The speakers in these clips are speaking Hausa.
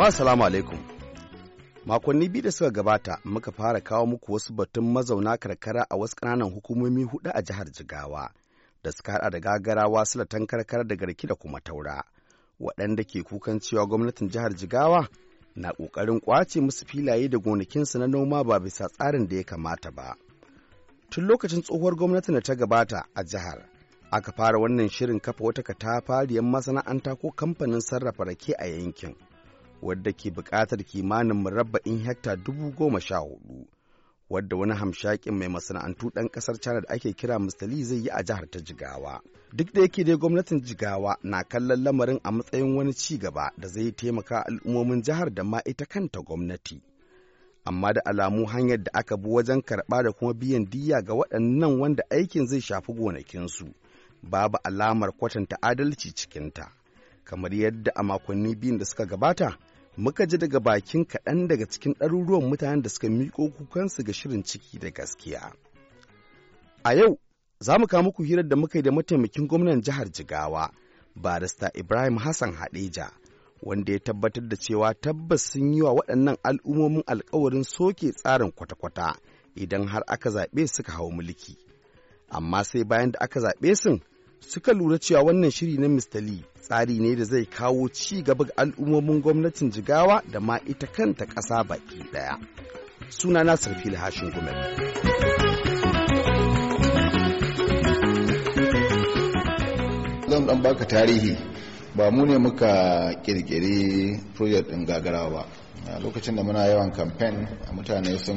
Jama'a salamu alaikum. Makonni biyu da suka gabata muka fara kawo muku wasu batun mazauna karkara a wasu ƙananan hukumomi hudu a jihar Jigawa da suka haɗa da gagarawa silatan karkara da garki da kuma taura. Waɗanda ke kukan cewa gwamnatin jihar Jigawa na ƙoƙarin ƙwace musu filaye da gonakinsu na noma ba bisa tsarin da ya kamata ba. Tun lokacin tsohuwar gwamnatin da ta gabata a jihar, aka fara wannan shirin kafa wata katafariyar masana'anta ko kamfanin sarrafa rake a yankin. wadda ke buƙatar kimanin murabba'in hekta dubu goma sha hudu wadda wani hamshakin mai masana'antu ɗan ƙasar china da ake kira mustali zai yi a jihar ta jigawa duk da yake dai gwamnatin jigawa na kallon lamarin a matsayin wani ci gaba da zai taimaka al'ummomin jihar da ma ita kanta gwamnati amma da alamu hanyar da aka bi wajen karɓa da kuma biyan diya ga waɗannan wanda aikin zai shafi gonakinsu babu alamar kwatanta adalci cikinta kamar yadda a makonni biyun da suka gabata muka ji daga bakin kaɗan daga cikin ɗaruruwan mutanen da suka miƙo kukansu ga shirin ciki da gaskiya. A yau, za mu kawo muku hirar da muka yi da mataimakin gwamnan jihar Jigawa, barista Ibrahim Hassan Hadeja, wanda ya tabbatar da cewa tabbas sun yi wa waɗannan al'ummomin alkawarin soke tsarin kwata-kwata idan har aka zaɓe suka hau mulki. Amma sai bayan da aka zaɓe sun, suka lura cewa wannan shiri na Mr. Lee tsari ne da zai kawo ci gaba ga al'ummomin gwamnatin jigawa da ma ita kanta ƙasa baki ɗaya. Suna na Sarfil Hashin Gumel. zan ɗan baka tarihi ba mu ne muka ƙirƙiri project ɗin gagarawa ba lokacin da muna yawan kamfen mutane sun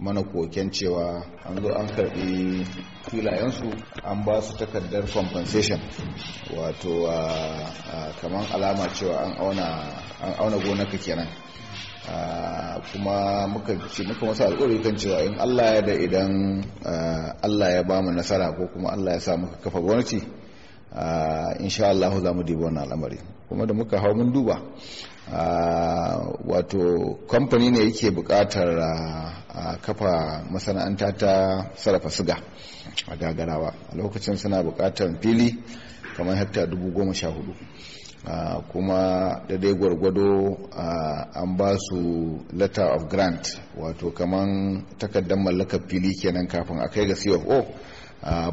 mana koken cewa an zo an karbi filayensu an ba su takardar compensation wato kamar alama cewa an auna gonaka kenan kuma muka ce muka masa alƙawari kan cewa in Allah ya da idan Allah ya ba mu nasara ko kuma Allah ya sa muka kafa gwamnati insha Allah za mu dibi wannan al'amari kuma da muka hau mun duba wato kamfani ne yake buƙatar kafa masana'anta ta sarrafa siga a gagarawa a lokacin suna bukatar fili kamar hekta dubu goma sha hudu kuma da dai gwargwado an ba su letter of grant wato kaman takardar mallakar fili kenan kafin a kai ga cfo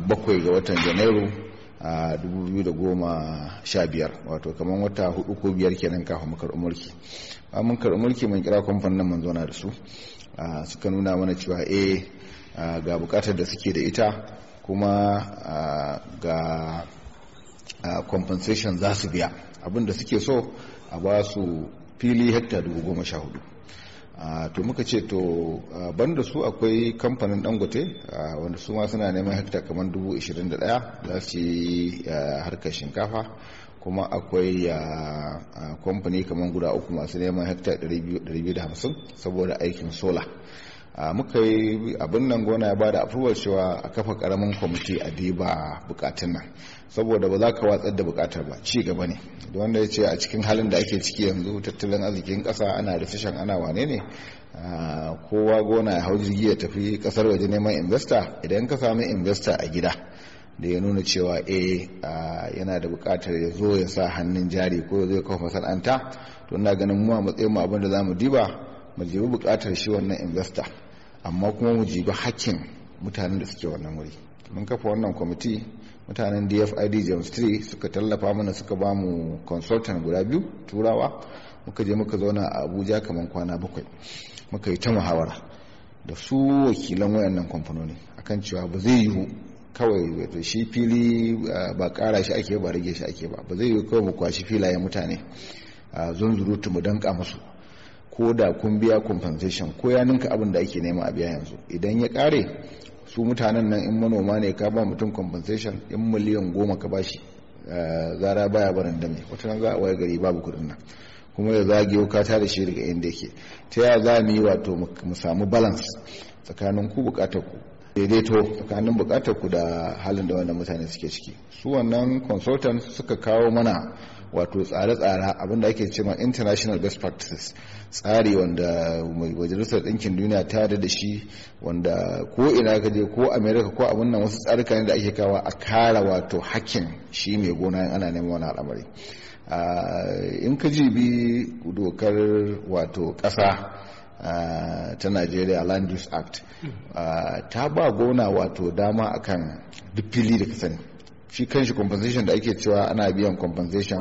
bakwai ga watan janairu a 2015 wato kamar wata hudu ko biyar kenan kafin mu karɓi mulki mun karɓi mulki mun kira kamfanin nan mun da su suka nuna mana cewa eh ga bukatar da suke da ita kuma ga compensation za su biya abinda da suke so a ba su fili hekta dubu goma sha hudu to muka ce to banda su akwai kamfanin dangote wanda su ma suna neman hekta kamar 21 za su yi harkar shinkafa kuma akwai kamfani kamar guda uku masu neman hekta 250 saboda aikin sola muka yi abin nan gona ya bada afubar cewa a kafa karamin kwamiti a diba bukatun nan saboda ba za ka watsar da bukatar ba ci gaba ne wanda ya ce a cikin halin da ake ciki yanzu tattalin arzikin kasa ana recession ana wane ne kowa gona ya hau jirgi ya tafi kasar waje neman investor idan ka sami investor a gida da ya nuna cewa e yana da bukatar ya zo ya sa hannun jari ko ya zo ya kafa masana'anta to ina ganin mu a matsayin mu abin da za mu diba mu jibi bukatar shi wannan investor amma kuma mu jibi hakkin mutanen da suke wannan wuri mun kafa wannan kwamiti mutanen dfid james 3 suka tallafa mana suka ba mu consultant guda biyu turawa muka je muka zauna a abuja kamar kwana bakwai muka yi ta muhawara da su wakilan wayannan kamfanoni akan cewa ba zai yiwu kawai shi fili ba kara shi ake ba rage shi ake ba ba zai yiwu kawai mu kwashi filayen mutane a zunzurutu mu danka musu ko da kun biya compensation ko ya ninka abin da ake nema a biya yanzu idan ya kare su mutanen nan in manoma ne ka ba mutum compensation in miliyan goma ka bashi eh, zara baya barin dame wata za a waye gari babu kudin nan kuma da zage ka da shi daga inda yake ta yaya za mu yi wato mu samu balance tsakanin ku bukatar ku daidaito tsakanin bukatar ku da halin da wannan mutane suke ciki su wannan consultant suka kawo mana wato tsare-tsare abinda ake cewa international best practices tsari wanda majalisar ɗinkin duniya ta da shi wanda ko ina ka je ko america ko abin nan wasu tsarika ne da ake kawa a kara wato hakkin shi mai gona in ana neman wani al'amari ah, in ka jibi dokar wato ƙasa ah, ta Nigeria Land Use Act ah, ta ba gona wato dama akan duk fili da ka sani shi kan shi compensation da ake cewa ana biyan compensation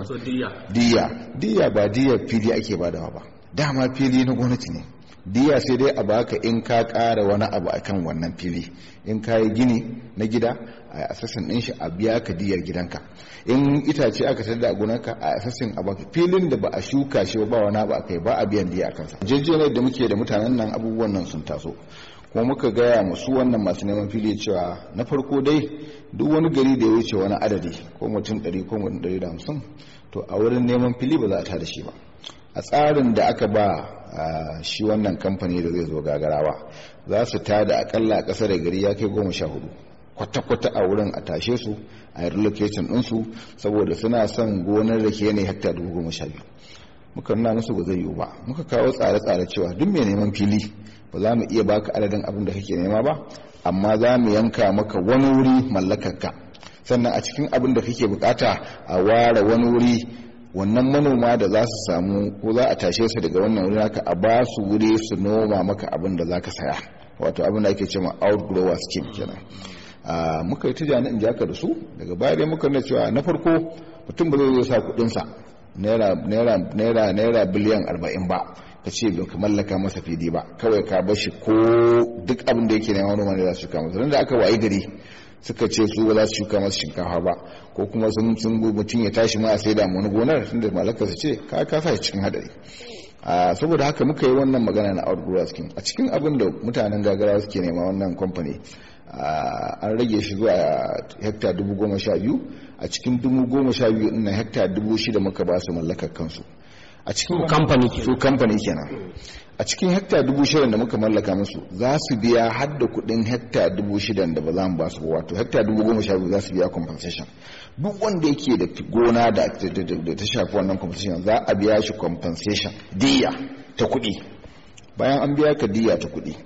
diya diya ba diya fili ake badawa ba dama fili na gwamnati ne diya sai dai a baka in ka kara wani abu a kan wannan fili in ka yi gini na gida a assassin ɗin shi a biya ka diyar gidanka in itace aka tada a gonarka a assassin a baka filin da ba a shuka shi ba wani abu a kai ba a biyan diya a kansa jejjere da muke da mutanen nan abubuwan nan sun taso kuma muka gaya masu wannan masu neman fili cewa na farko dai duk wani gari da ya wuce wani adadi ko mutum 100 ko mutum 150 to a wurin neman fili ba za a tada shi ba a tsarin da aka ba shi wannan kamfani da zai zo gagarawa za su tada akalla a ƙasa da gari ya kai goma sha hudu kwata-kwata a wurin a tashe su a relocation ɗinsu saboda suna son gonar rake ne hekta dubu goma sha biyu muka nuna musu ba zai yiwu ba muka kawo tsare-tsare cewa duk mai neman fili ba za mu iya baka adadin abin da kake nema ba amma za mu yanka maka wani wuri mallakarka sannan a cikin abin da kake bukata a ware wani wuri wannan manoma da za su samu ko za a tashe su daga wannan wuri naka a ba su wuri su noma maka abin da za ka saya wato abin da ake ma outgrower scheme kenan muka yi tijani in jaka da su daga baya dai muka nuna cewa na farko mutum ba zai zo sa sa naira biliyan arba'in ba ka ce ka mallaka masa fili ba kawai ka bar shi ko duk abin da yake nema noma ne za su shuka masa da aka wayi gari suka ce su ba za su shuka masa shinkafa ba ko kuma sun sun mutum ya tashi ma a sai da wani gonar tunda mallaka su ce ka ka sa cikin hadari saboda haka muka yi wannan magana na outgrowers a cikin abin da mutanen gagara suke nema wannan kamfani an rage shi zuwa hekta dubu goma sha biyu a cikin dubu goma sha biyu na hekta dubu shida muka ba su mallakar kansu a cikin kamfani su kamfani kenan a cikin hekta dubu shidan da muka mallaka musu za su biya har da kudin hekta dubu shidan da ba za mu ba su wato hekta dubu goma sha biyu za su biya compensation duk wanda yake da gona da ta shafi wannan compensation za a biya shi compensation diya ta kudi bayan an biya ka diya ta kudi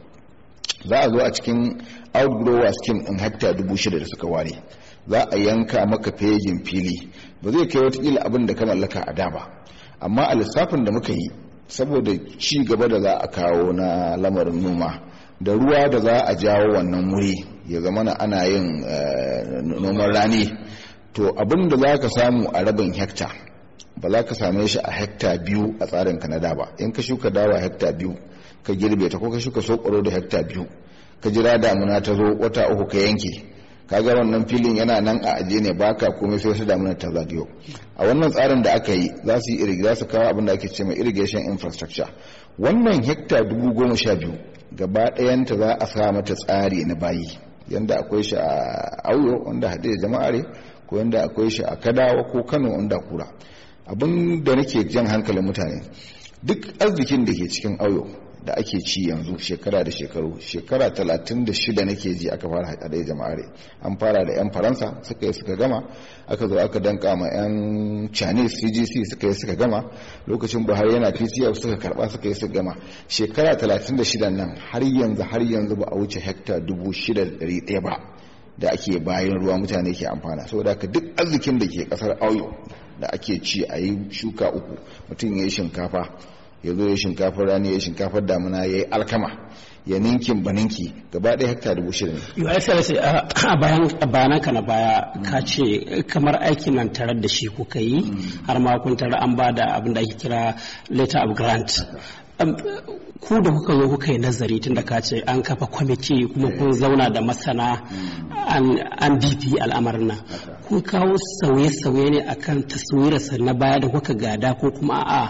za a zo a cikin outgrower scheme in hekta dubu shida da suka ware za a yanka maka fejin fili ba zai kai watakila abin da ka mallaka a da ba amma a lissafin da muka yi saboda ci gaba da za a kawo na lamarin noma da ruwa da za a jawo wannan wuri ya zama na ana yin eh, noman rani to abin da za ka samu a rabin hekta ba za ka same shi a hekta biyu a tsarin kanada ba in ka shuka dawa hekta biyu ka girbe ta ko ka shuka sokoro da hekta biyu ka jira damuna ta zo wata uku ka yanke ka ga wannan filin yana nan a ajiye ne ba ka komai sai wasu damuna ta zagayo a wannan tsarin da aka yi za su yi za su kawo abin da ake ce mai irrigation infrastructure wannan hekta dubu goma sha biyu gaba ɗayanta za a sa mata tsari na bayi yanda akwai shi a auyo wanda haɗe da jama'are ko yanda akwai shi a kadawa ko kano wanda kura abin da nake jan hankalin mutane duk arzikin da ke cikin auyo da ake ci yanzu shekara da shekaru shekara 36 nake ji aka fara daya jama'are an fara da 'yan faransa suka yi suka gama aka zo aka danka ma 'yan chinese cgc suka yi suka gama lokacin buhari yana pca suka karba suka yi suka gama shekara 36 nan har yanzu har yanzu ba a wuce hekta 6,100 ba da ake bayan ruwa mutane ke amfana saboda haka duk arzikin da ke kasar auyo da ake ci a yi shuka uku mutum ya yi shinkafa ya zo ya shinkafar rani ya shinkafar damuna ya yi alkama ya ninkin baninki gaba ɗaya hekta dubu Yau ya sai excellency ah, a bayan ka na baya ka mm. ce kamar aikin nan tarar da shi kuka yi mm. har ma kun tarar an ba da abin da ake kira letter of grant. ku da kuka zo kuka yi nazari tun da ka ce an kafa kwamiti kuma kun eh. zauna da masana mm. an bibi al'amarin nan kun kawo sauye-sauye ne a akan taswirarsa na baya da kuka gada ko kuma a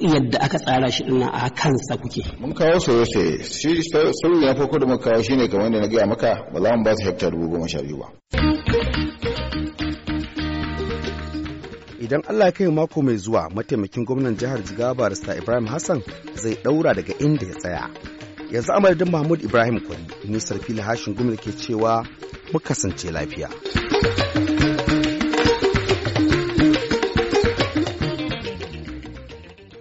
yadda aka tsara shi ɗin a kansa kuke. Mun kawo soye-soye, shi na farko da muka kawo shine kamar da na gaya maka ba za mu ba su hektar dubu goma sha biyu ba. Idan Allah ya kai mako mai zuwa mataimakin gwamnan jihar Jigawa Barista Ibrahim Hassan zai ɗaura daga inda ya tsaya. Yanzu amadadin Mahmud Ibrahim Kwari, Nisar sarfi Hashin gwamnati ke cewa muka kasance lafiya.